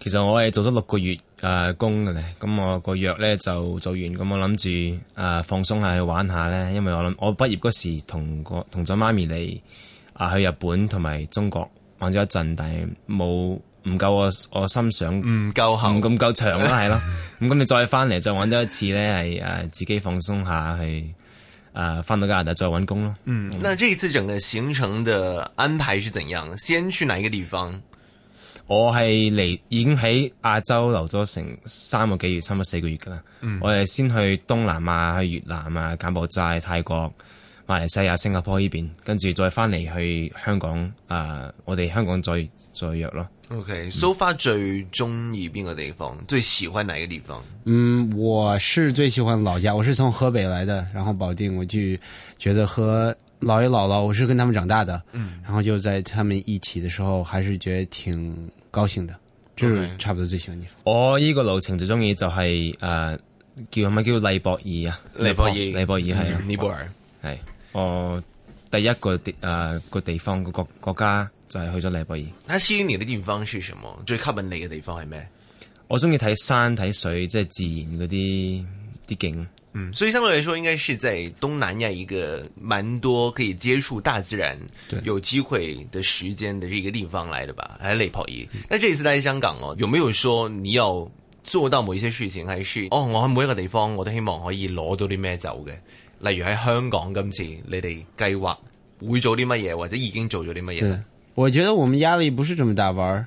其實我係做咗六個月誒、呃、工嘅咧，咁我個約咧就做完，咁我諗住誒放鬆下去玩下咧，因為我諗我畢業嗰時同個同咗媽咪嚟啊去日本同埋中國玩咗一陣，但係冇唔夠我我心想唔夠唔咁夠長咯，係咯，咁咁 你再翻嚟再玩咗一次咧，係、呃、誒自己放鬆下去誒翻、呃、到加拿大再搵工咯。嗯，嗱呢一次整個行程嘅安排是怎樣？先去哪一個地方？我係嚟已經喺亞洲留咗成三個幾月，差唔多四個月噶啦。嗯、我哋先去東南亞、去越南啊、柬埔寨、泰國、馬來西亞、新加坡呢邊，跟住再翻嚟去香港。誒、呃，我哋香港再再約咯。OK，so far、嗯、最中意邊個地方？最喜歡哪一個地方？嗯，我是最喜歡老家。我是從河北來的，然後保定，我就覺得和姥爺姥姥，我是跟他們長大的。嗯，然後就在他們一起的時候，還是覺得挺。高興的，就差不多最喜歡你。Okay. 我呢個路程最中意就係、是、誒、呃、叫咩叫利伯爾啊？利伯爾，利伯爾係啊。尼泊爾係我第一個地誒、呃、個地方個國國家就係去咗利伯爾。吸引你的地方是什麼？最吸引你嘅地方係咩？我中意睇山睇水，即、就、係、是、自然嗰啲啲景。嗯，所以相對來說應該是在東南亞一個蠻多可以接觸大自然、對有機會的時間的這個地方來的吧？喺尼泊爾，但這一次喺香港咯，有冇有說你要做到某一些事情，還是哦，我喺每一個地方我都希望可以攞到啲咩走嘅？例如喺香港今次，你哋計劃會做啲乜嘢，或者已經做咗啲乜嘢？我覺得我們壓力不是這麼大，玩。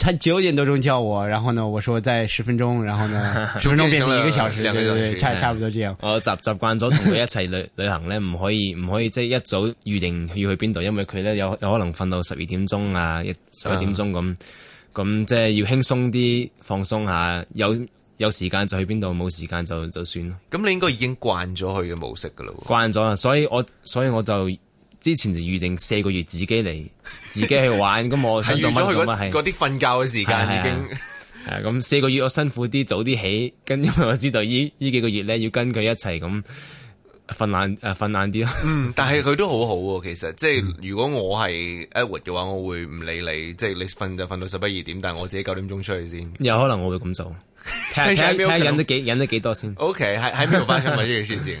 佢九點多鐘叫我，然後呢，我說再十分鐘，然後呢，十分鐘變成一個小時 兩個小時，對對對，差差不多這樣。我習習慣咗同佢一齊旅旅行呢唔 可以唔可以即係、就是、一早預定要去邊度，因為佢呢有有可能瞓到十二點、啊、點鐘啊，十一點鐘咁，咁即係要輕鬆啲放鬆下，有有時間就去邊度，冇時間就就算咯。咁你應該已經慣咗佢嘅模式噶咯？慣咗啦，所以我所以我就。之前就預定四個月自己嚟，自己去玩。咁我想做乜嗰啲瞓覺嘅時間已經咁 四個月我辛苦啲早啲起，跟因為我知道呢呢幾個月咧，要跟佢一齊咁瞓晏瞓晏啲囉。啊、嗯，但係佢都好好、啊、喎，其實即係如果我係一活嘅話，我會唔理你，即、就、係、是、你瞓就瞓到十一二點，但係我自己九點鐘出去先。有可能我會咁做，睇睇睇忍得幾 忍得幾多先 okay。 OK，還還沒有發生呢個事。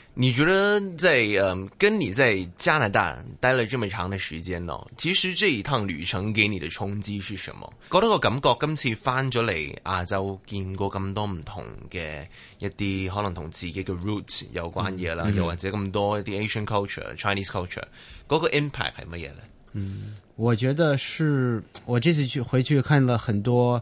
你覺得在嗯，跟你在加拿大待了這麼長的時間呢？其實這一趟旅程給你的衝擊是什麼？覺得我感覺今次翻咗嚟亞洲，啊、就見過咁多唔同嘅一啲可能同自己嘅 roots 有關嘢啦，又、嗯、或者咁多啲 Asian culture、Chinese culture 嗰個 impact 係乜嘢呢？嗯，我覺得是我這次去回去看了很多。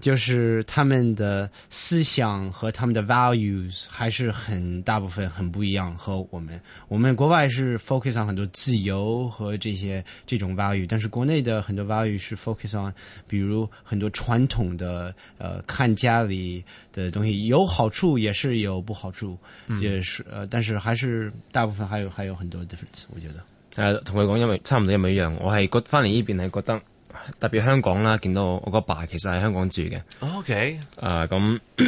就是他們的思想和他們的 values 還是很大部分很不一樣，和我們。我們國外是 focus on 很多自由和這些這種 values，但是國內的很多 values 是 focus on，比如很多傳統的，呃，看家裏的東西，有好處也是有不好處，也、嗯就是，呃，但是還是大部分還有還有很多 difference，我覺得。呃、啊，同佢講因為差唔多一模一樣，我係覺翻嚟依邊係覺得。特別香港啦，見到我我個爸，爸其實喺香港住嘅。OK，啊咁、呃、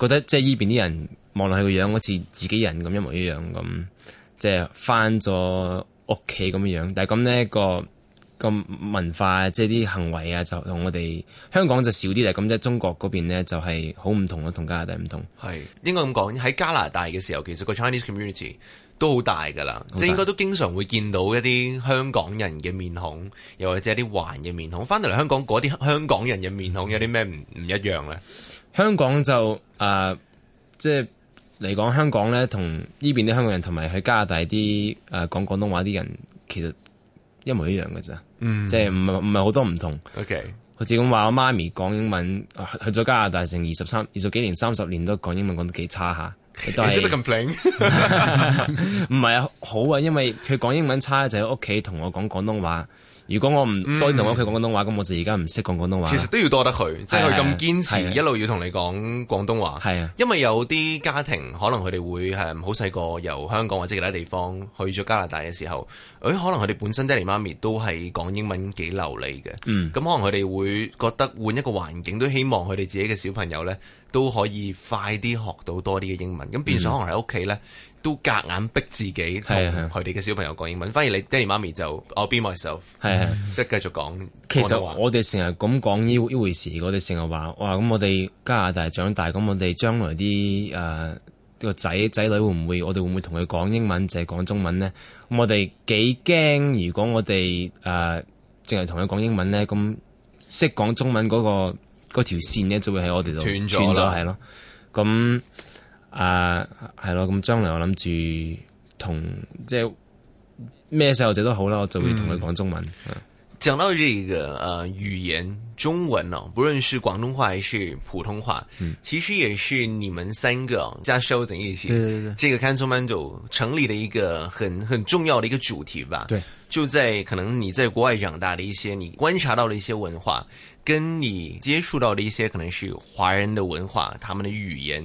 覺得即係呢邊啲人望落去個樣好似自己人咁一,一模一樣咁，即係返咗屋企咁樣樣。但係咁呢個個文化即係啲行為啊，就同我哋香港就少啲啦。咁即係中國嗰邊呢，就係好唔同咯，同加拿大唔同。係應該咁講，喺加拿大嘅時候，其實個 Chinese community。都好大噶啦，大即係應該都經常會見到一啲香港人嘅面孔，又或者一啲環嘅面孔。翻到嚟香港嗰啲香港人嘅面孔有啲咩唔唔一樣咧、呃？香港就啊，即係嚟講香港咧，同呢邊啲香港人同埋去加拿大啲啊講廣東話啲人，其實一模一樣噶咋。嗯、即係唔係唔係好多唔同。O okay . K，好似咁話，我媽咪講英文，去咗加拿大成二十三、二十幾年、三十年都講英文講得幾差下。你識得 complain？唔係啊，好啊，因為佢講英文差，就喺屋企同我講廣東話。如果我唔多同我屋企講廣東話，咁、嗯、我就而家唔識講廣東話。其實都要多得佢，係啊，即係佢咁堅持一路要同你講廣東話。係啊，係啊，因為有啲家庭可能佢哋會係好細個由香港或者其他地方去咗加拿大嘅時候，誒可能佢哋本身爹哋媽咪都係講英文幾流利嘅，咁、嗯、可能佢哋會覺得換一個環境，都希望佢哋自己嘅小朋友咧都可以快啲學到多啲嘅英文，咁變相可能喺屋企咧。嗯都夾硬逼自己同佢哋嘅小朋友講英文，係反而你爹哋媽咪就我邊忙嘅時候，係係即係繼續講。其實話我哋成日咁講呢呢回事，我哋成日話哇咁我哋加拿大長大，咁我哋將來啲誒、呃呢個仔仔女會唔會我哋會唔會同佢講英文，就係、是、講中文咧？我哋幾驚如果我哋誒淨係同佢講英文咧，咁識講中文嗰、嗰個嗰條線咧就會喺我哋度斷咗，係咯咁。啊，係咯，咁將來我諗住同即係咩細路仔都好啦，我就會同佢講中文。嗯嗯、講到這個呃語言中文咯，無論是廣東話還是普通話，嗯、其實也是你們三個加收等一些對對對這個 Council Mandle 成立的一個很很重要的一個主題吧。對，就在可能你在國外長大的一些你觀察到的一些文化，跟你接觸到的一些可能是華人的文化，他們的語言。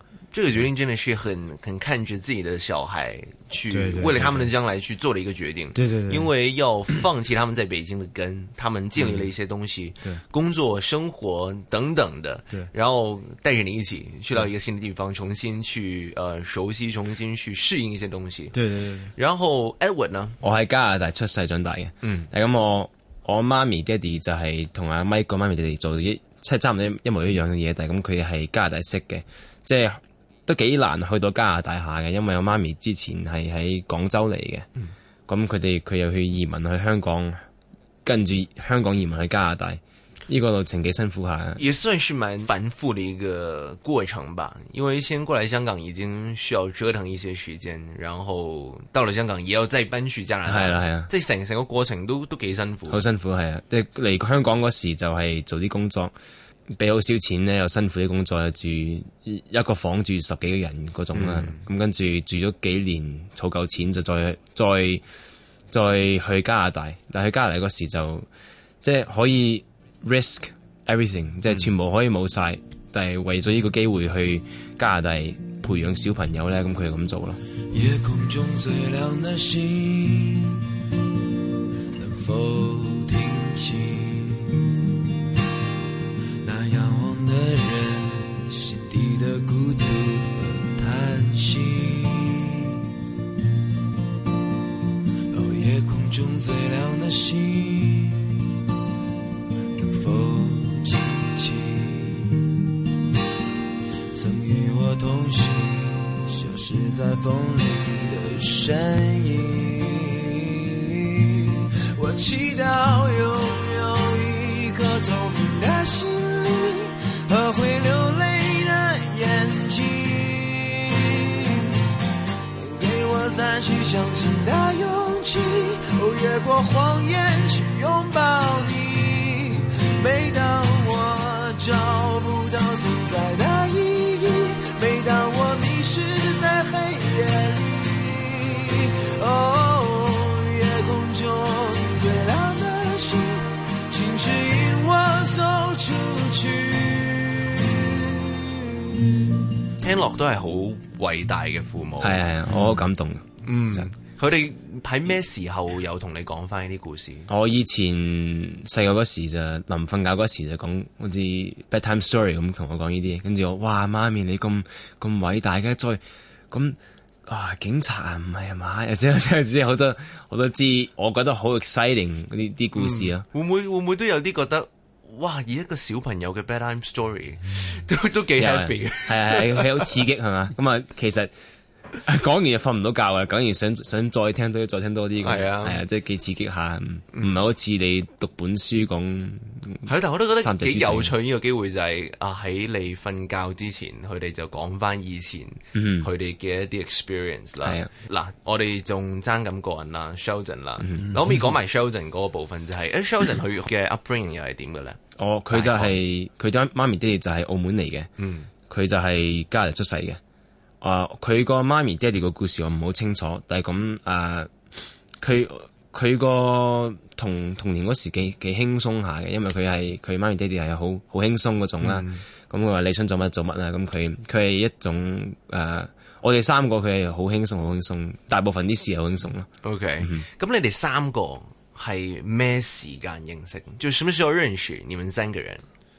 這個決定真的是很很看着自己的小孩去，為了他們的將來去做了一個決定。對對對，對，因為要放棄他們在北京的根， 他們建立了一些東西，嗯、對，工作、生活等等的。對，然後帶着你一起去到一個新的地方，重新去，對對對對呃，熟悉，重新去適應一些東西。對對對，對。然後 Edward 呢？我喺加拿大出世長大嘅，嗯，咁我我媽咪爹哋就係同阿 Mike 個媽咪爹哋做一即係差唔多一模一樣嘅嘢，但係咁佢係加拿大識嘅，即係。都幾難去到加拿大下嘅，因為我媽咪之前係喺廣州嚟嘅，咁佢哋佢又去移民去香港，跟住香港移民去加拿大，呢個路程幾辛苦下。也算是蠻繁複的一個過程吧，因為先過嚟香港已經需要折騰一些時間，然後到嚟香港也要再搬去加拿大，係啦係啊，即係成成個過程都都幾辛，辛苦，好辛苦係啊，即係嚟香港嗰時就係做啲工作。俾好少錢咧，又辛苦啲工作，住一個房住十幾個人嗰種啦。咁、嗯、跟住住咗幾年，儲夠錢就再再再去加拿大。但去加拿大嗰時就即係、就是、可以 risk everything，嗯、即係全部可以冇晒。但係為咗呢個機會去加拿大培養小朋友咧，咁佢就咁做咯。大嘅父母係係，我好感動。嗯，佢哋喺咩時候有同你講翻呢啲故事？我以前細個嗰時候就臨瞓覺嗰時候就講，好似 bedtime story 咁同我講呢啲嘢。跟住我哇，媽咪你咁咁偉大嘅，再咁啊警察唔係啊嘛，又即係即係好多我都知，我覺得好 exciting 嗰啲啲故事啊，嗯！會唔會會唔會都有啲覺得？哇！以一個小朋友嘅《Bedtime Story》都都幾 happy 嘅，係啊係係好刺激係嘛？咁啊 其實。講完又瞓唔到覺啊！講完想想再聽多，再聽多啲。係啊，係啊，即係幾刺激下，唔係好似你讀本書咁。係，但我都覺得幾有趣。呢個機會就係啊，喺你瞓覺之前，佢哋就講翻以前佢哋嘅一啲 experience 啦。嗱，我哋仲爭咁過人啦，Sheldon 啦，我可唔可以講埋 Sheldon 嗰個部分就係誒，Sheldon 佢嘅 upbringing 又係點嘅咧？哦，佢就係佢爹媽咪爹哋就係澳門嚟嘅，佢就係加拿大出世嘅。啊，佢個媽咪、爹哋個故事我唔好清楚，但係咁啊，佢佢個同童年嗰時幾幾輕鬆下嘅，因為佢係佢媽咪、爹哋係好好輕鬆嗰種啦。咁佢話你想做乜做乜啦，咁佢佢係一種誒、呃，我哋三個佢係好輕鬆、好輕鬆，大部分啲事又輕鬆咯。OK，咁、嗯、你哋三個係咩時間認識？就什麼時候認識？你們三個人。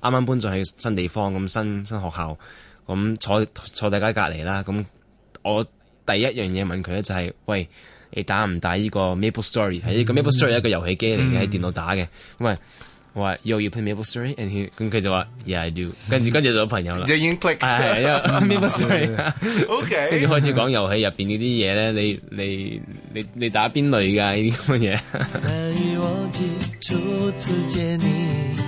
啱啱搬咗去新地方，咁新新學校，咁坐坐大家隔籬啦。咁我第一樣嘢問佢咧就係、是，喂，你打唔打呢個 Maple Story？係依、嗯、個 Maple Story 一個遊戲機嚟嘅，喺、嗯、電腦打嘅。咁啊，我 Yo, 話，you play Maple Story？咁佢就話，yeah I do。 跟住跟住做朋友啦。已經 you click、啊。OK 跟住開始講遊戲入面呢啲嘢咧，你你你你打邊類嘅？呢啲咁嘅嘢？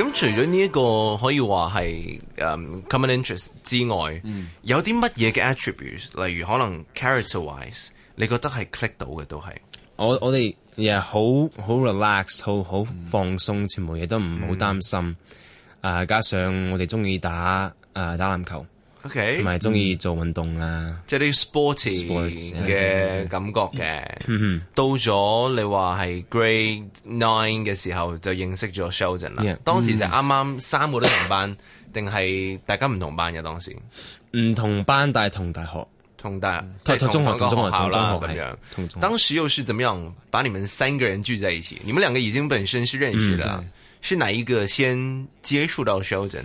咁除咗呢一個可以話係誒 common interest 之外，嗯、有啲乜嘢嘅 attribute，例如可能 characterwise，你覺得係 click 到嘅都係我我哋又、yeah, 好好 relaxed, 好好放鬆、嗯、全部嘢都唔好擔心。啊、嗯，加上我哋中意打誒打籃球。OK，同埋中意做運動啊，即係啲 sporty 嘅感覺嘅。到咗你話係 Grade Nine 嘅時候，就認識咗 Sheldon 啦。當時就啱啱三個都同班，定係大家唔同班嘅當時？唔同班但係同大學，同大，同中學，同中學同中學咁樣。當時又是點樣把你們三個人聚在一起？你們兩個已經本身是認識的，是哪一個先接觸到 Sheldon？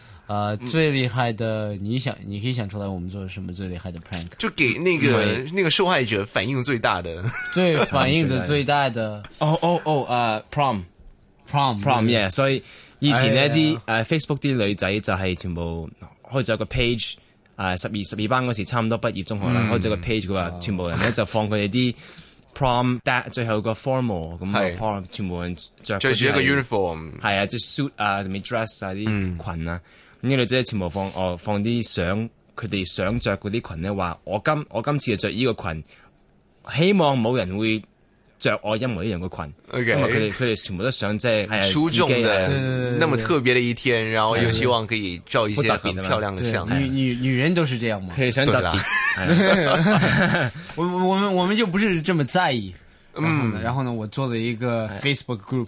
啊，最厲害的，你想你可以想出來，我們做什麼最厲害的 prank？就給那個那個受害者反應最大的，對反應的最大的。哦哦哦，誒 prom，prom，prom，yeah。所以以前呢啲誒 Facebook 啲女仔就係全部開咗個 page，誒十二十二班嗰時差唔多畢業中學啦，開咗個 page 佢話全部人咧就放佢哋啲 prom that 最後個 formal 咁 prom，全部人着住一個 uniform，係啊，着 suit 啊，同埋 dress 啊啲裙啊。啲女仔全部放哦，放啲相，佢哋想着嗰啲裙呢。話我今我今次就着呢個裙，希望冇人會着我一模一樣嘅裙。Okay. 因為佢哋佢哋全部都想即係出眾嘅，那麼特別的一天，然後又希望可以照一些漂亮嘅相。女女女人都是這樣嘛，想對啦。我我們我們就不是這麼在意。嗯，然後呢，我做了一個 Facebook group。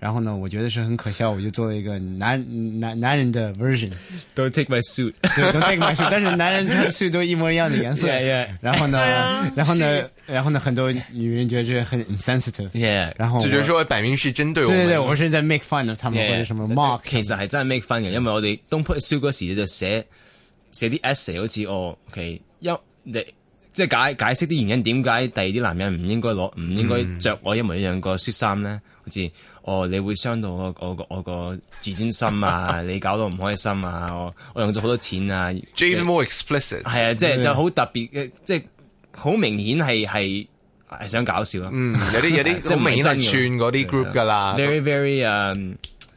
然後呢，我覺得是很可笑，我就做了一個男男男人的 version。Don't take my suit，對，don't take my suit。 但是男人穿的 suit 都一模一樣的顏色。然後呢，然後呢，然後呢，很多女人覺得這很 insensitive。Yeah, yeah. 然後，就是說擺明是針對我對對，對我是在 make fun yeah, 的，的，他們或者什麼 mark 其實係真係 make fun 嘅，因為我哋 don't put suit 嗰時，就寫寫啲 essay，好似哦，OK，你即係解解釋啲原因，點解第二啲男人唔應該攞唔應該着我一模一樣個恤衫呢？嗯。哦，你會傷到我我我個自尊心啊！你搞到唔開心啊！我我用咗好多錢啊、 就是、e more explicit，係啊，即係就好、是、特別嘅，即係好明顯係係係想搞笑啊。嗯，有啲有啲即係串嗰啲 group 噶啦、 啊、，very very 嗯、um,。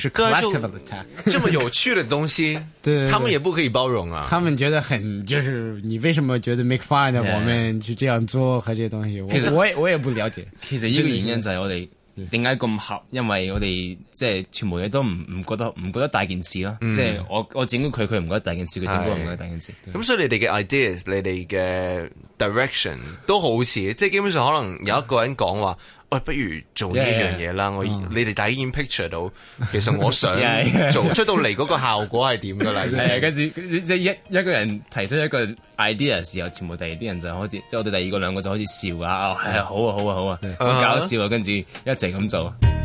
是哥就這麼有趣的東西，他們也不可以包容啊。他們覺得很就是你為什麼覺得 make fun 的，我們去這樣做，和這些東西，其實我我也不了解。其實呢個原因就係我哋點解咁合，因為我哋即係全部嘢都唔唔覺得唔覺得大件事咯。即係我我整過佢，佢唔覺得大件事，佢整佢唔覺得大件事。咁所以你哋嘅 ideas，你哋嘅 direction 都好似，即係基本上可能有一個人講話。喂、哎，不如做呢樣嘢啦，yeah, yeah. 我你哋大家已經 picture 到，其實我想做 yeah, yeah. 出到嚟嗰個效果係點㗎啦？係跟住即係一一個人提出一個 idea 嘅時候，全部第二啲人就開始，即係我哋第二個兩個就開始笑下啊，係 Yeah. 啊，好啊，好啊，好啊，好啊，好啊 Yeah. 搞笑啊，跟住、uh huh. 一直咁做。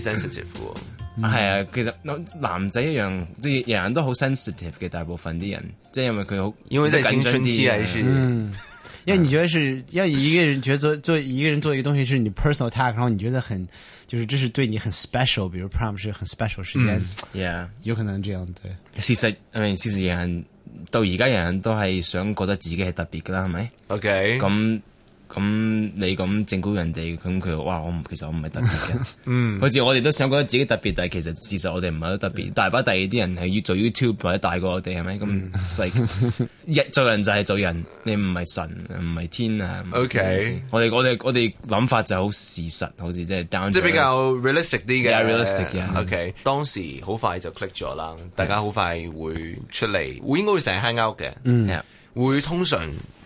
Sensitive 係、嗯、 啊，其實男仔一樣，即係人人都好 Sensitive 嘅。大部分啲人，即係因為佢好，因為，因為,因為青春期係，嗯。因為你覺得 因為一個人覺得做做一個人做一個東西，是你 personal touch，然後你覺得很，就是這是對你很 special，比如 prom 是很 special 時間。嗯。Yeah，有可能這樣。對，其實我哋事實上到而家，人人都係想覺得自己係特別噶啦，係咪？OK，咁、嗯。咁你咁整蠱人哋，咁佢話哇，我其實我唔係特別嘅， 嗯，好似我哋都想覺得自己特別，但係其實事實我哋唔係好特別。大把第二啲人係要做 YouTube 或者大過我哋係咪？咁細一做人就係做人，你唔係神唔係天啊。OK，我哋我哋我哋諗法就好事實，好似即係當即比較 real yeah, realistic 啲嘅。realistic okay，嘅、嗯。OK，當時好快就 click 咗啦，yeah，大家好快會出嚟，會應該會成日 hang out 嘅，嗯，yeah, 會通常。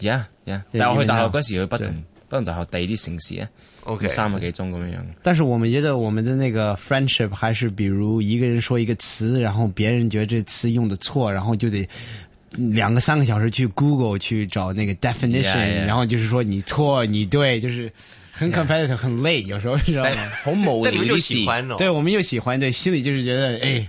Yeah，Yeah，yeah. 對但我去大學嗰時去不同對不同大學，地啲城市啊，O K，三個幾鐘咁樣樣。但是我們覺得我們的那個 friendship 還是比如一個人說一個詞，然後別人覺得這詞用的錯，然後就得兩個三個小時去 Google 去找那個 definition，Yeah, yeah. 然後就是說你錯你對，就是很 competitive Yeah. 很累，有時候是 知道嗎？好矛盾。我們又喜歡，對我們又喜歡，對，心裏就是覺得哎。欸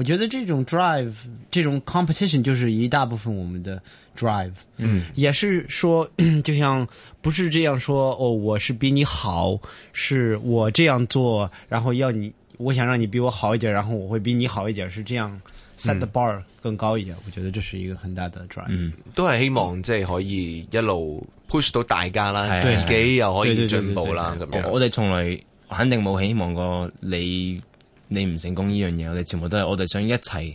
我覺得這種 drive，這種 competition 就是一大部分我們的 drive，嗯，也是說，就像不是這樣說，哦，我是比你好，是我這樣做，然後要你，我想讓你比我好一點，然後我會比你好一點，是這樣 set the bar 更高一點。嗯，我覺得這是一個很大的 drive，嗯，都係希望即係、就是、可以一路 push 到大家啦，對自己又可以進步啦，咁樣。我哋從來肯定冇希望過你。你唔成功呢樣嘢，我哋全部都係我哋想一齊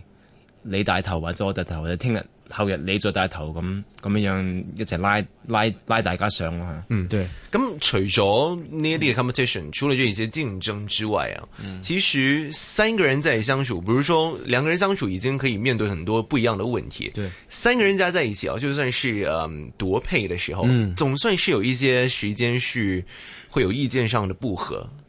你帶頭或者我帶頭，或者聽日後日你再帶頭咁咁樣樣一齊拉拉拉大家上啊！嗯，對。咁除咗呢一啲嘅 competition、嗯、除咗呢一些競爭之外啊，嗯、其實三個人在相處，比如說兩個人相處已經可以面對很多不一樣的問題。對，三個人加在一起啊，就算是嗯奪配的時候，嗯、總算是有一些時間是會有意見上的不和。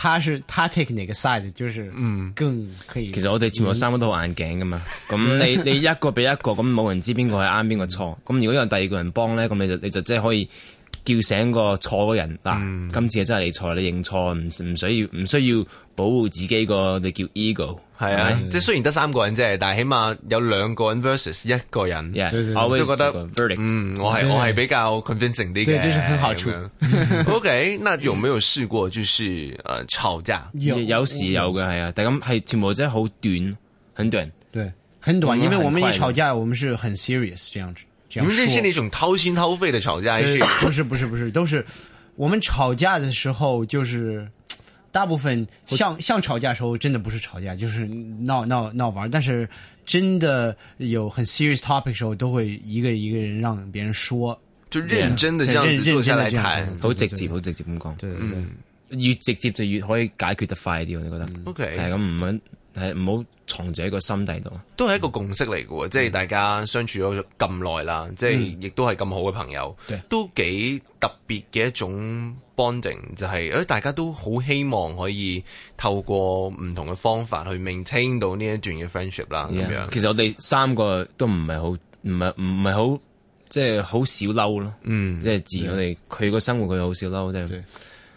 他是他 take 哪個 side，就是嗯更可以、嗯。其實我哋全部三個都好眼鏡噶嘛，咁、嗯、你你一個比一個咁，冇人知邊個係啱邊個錯。咁、嗯、如果有第二個人幫咧，咁你就你就即係可以叫醒個錯嘅人嗱。啊嗯、今次真係你錯，你認錯，唔唔需要唔需要保護自己個，你叫 ego。係啊，即係雖然得三個人啫，但係起碼有兩個人 versus 一個人，對，對對我就覺得，是嗯，我係我係比較 convincing 啲嘅，好處。樣 o、okay, K，那有沒有試過就是誒、呃、吵架？有有時有嘅係啊，但係咁係全部真係好短，很短，對，很短，很，因為我們一吵架，我們是很 serious 這樣子。這樣，你們這是那種掏心掏肺的吵架一些，還是？不是不是不是，都是我們吵架的時候就是。大部分像像吵架時候，真的不是吵架，就是鬧鬧鬧玩。但是真的有很 serious topic 時候，都會一個一個人讓別人說，就認真的這樣子坐下來談，好直接，好直接咁講。對對對，越直接就越可以解決得快啲，我覺得？OK，係咁唔好，係唔好。藏住喺個心底度，都係一個共識嚟嘅喎，嗯、即係大家相處咗咁耐啦，嗯、即係亦都係咁好嘅朋友，嗯、對都幾特別嘅一種 bonding，就係誒大家都好希望可以透過唔同嘅方法去 maintain 到呢一段嘅 friendship 啦、嗯。咁啊樣，其實我哋三個都唔係好，唔係唔係好，即係好少嬲咯。就是、嗯，即係自我哋佢個生活佢好少嬲，即係對。就是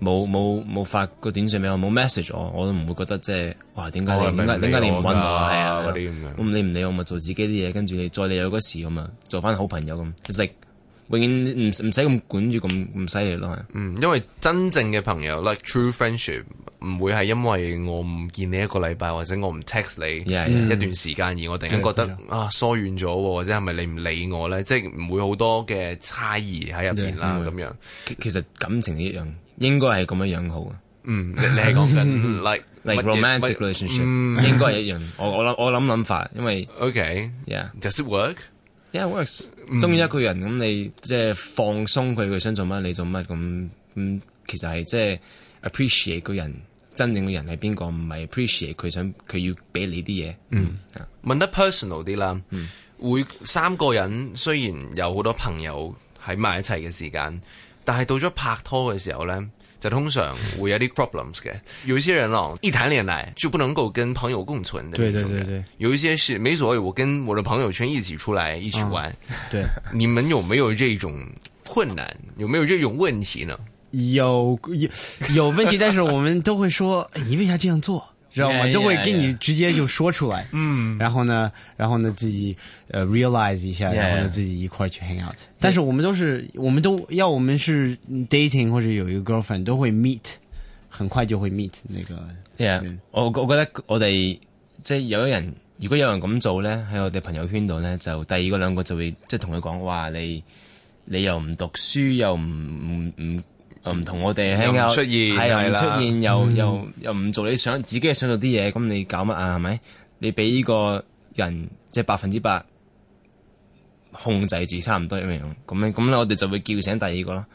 冇冇冇發個短信俾我，冇 message 我，我都唔會覺得即係哇，點解點解點解你唔揾、哦、我係啊嗰啲咁樣，咁你唔理我咪做自己啲嘢，跟住你再你有嗰時咁啊，做翻好朋友咁，即係永遠唔唔使咁管住咁唔犀利咯，因為真正嘅朋友 like true friendship 唔會係因為我唔見你一個禮拜或者我唔 text 你 yeah, yeah, 一段時間而我突然間、嗯、覺得 yeah, 啊疏遠咗，或者係咪你唔理我咧？即係唔會好多嘅猜疑喺入邊啦咁樣。其實感情一樣。應該係咁樣樣好嘅，嗯，你你係講緊 like like romantic relationship，嗯、應該係一樣。我我諗我諗諗法，因為 OK，yeah, Does it work? Yeah, works、嗯。中意一個人咁，就是，你即係放鬆佢，佢想做乜你做乜咁。嗯，其實係即係 appreciate 個人真正嘅人係邊個，唔係 appreciate 佢想佢要俾你啲嘢。嗯，問得 personal 啲啦。會三個人雖然有好多朋友喺埋一齊嘅時間。但係到咗拍拖嘅時候呢，就通常會有啲 problems 嘅。有一些人咯，一談戀愛就不能夠跟朋友共存。對對對對，對對對。有一些是，沒所謂，我跟我的朋友圈一起出來，一起玩。哦、對，你們有沒有這種困難？有沒有這種問題呢？有有有問題，但是我們都會說，誒、 哎，你為啥這樣做？知道嘛？Yeah, yeah, yeah. 都會跟你直接就說出來，mm. 然後呢，然後呢自己，呃，realize 一下，然後呢 yeah, yeah. 自己一塊去 hang out。Yeah. 但是我們都是，我們都要，我們是 dating 或者有一個 girlfriend 都會 meet，很快就會 meet 那個。Yeah. 嗯、我我覺得我哋即係有人，如果有人咁做呢，喺我哋朋友圈度呢，就第二個兩個就會即係同佢講，哇，你你又唔讀書又唔唔唔。唔同我哋又出現，又出現的又又又唔做你想自己想做啲嘢，咁你搞乜啊？係咪？你俾呢個人即係百分之百控制住，差唔多一樣咁樣，咁咧我哋就會叫醒第二個咯。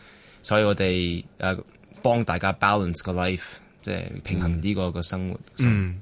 所以我哋誒幫大家 balance 個 life，即係平衡呢個、就是、個生活。嗯。嗯